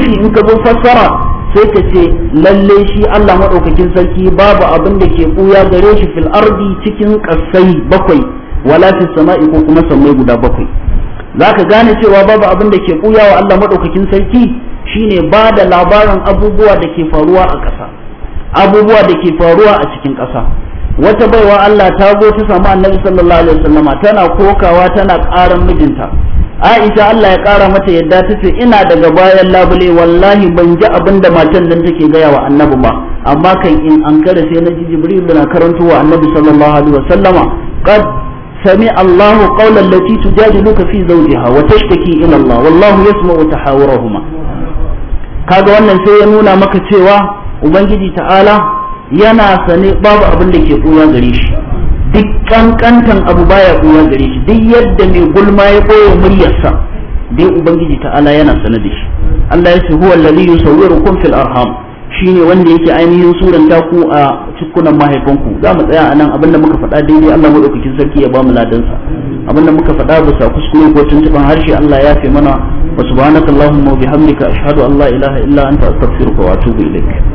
tauhidi in ka zo fassara sai ka ce lalle shi Allah maɗaukakin sarki babu abin da ke buya gare shi fil ardi cikin ƙasai bakwai wala fi sama'i ko kuma sammai guda bakwai za ka gane cewa babu abin da ke buya wa Allah maɗaukakin sarki shine ba da labarin abubuwa da ke faruwa a ƙasa abubuwa da ke faruwa a cikin ƙasa wata baiwa Allah ta zo ta samu annabi sallallahu alaihi wasallama tana kokawa tana ƙaran mijinta Aisha Allah ya kara mata yadda ta ce ina daga bayan labule wallahi ban ji abin da matan nan take gaya wa annabi ba amma kan in an kare sai na ji Jibril na karanto wa annabi sallallahu alaihi wasallama qad sami Allahu qawlan lati tujadiluka fi zawjiha wa tashtaki ila Allah wallahu yasma'u tahawurahuma kaga wannan sai ya nuna maka cewa ubangiji ta'ala yana sane babu abin da ke koya gare shi duk kankantan abu baya buya gare shi duk yadda mai gulma ya koyo muryarsa dai ubangiji ala yana sana da shi Allah ya ce huwa allazi yusawwirukum fil arham shine wanda yake ainihin suranta ku a cikunan mahaifanku za mu tsaya anan abinda muka faɗa daidai Allah madaukakin sarki ya ba mu ladansa abinda muka faɗa ba sa kuskure ko tuntuban harshe Allah ya fi mana wa subhanakallahumma wa bihamdika ashhadu an la ilaha illa anta astaghfiruka wa atubu ilaik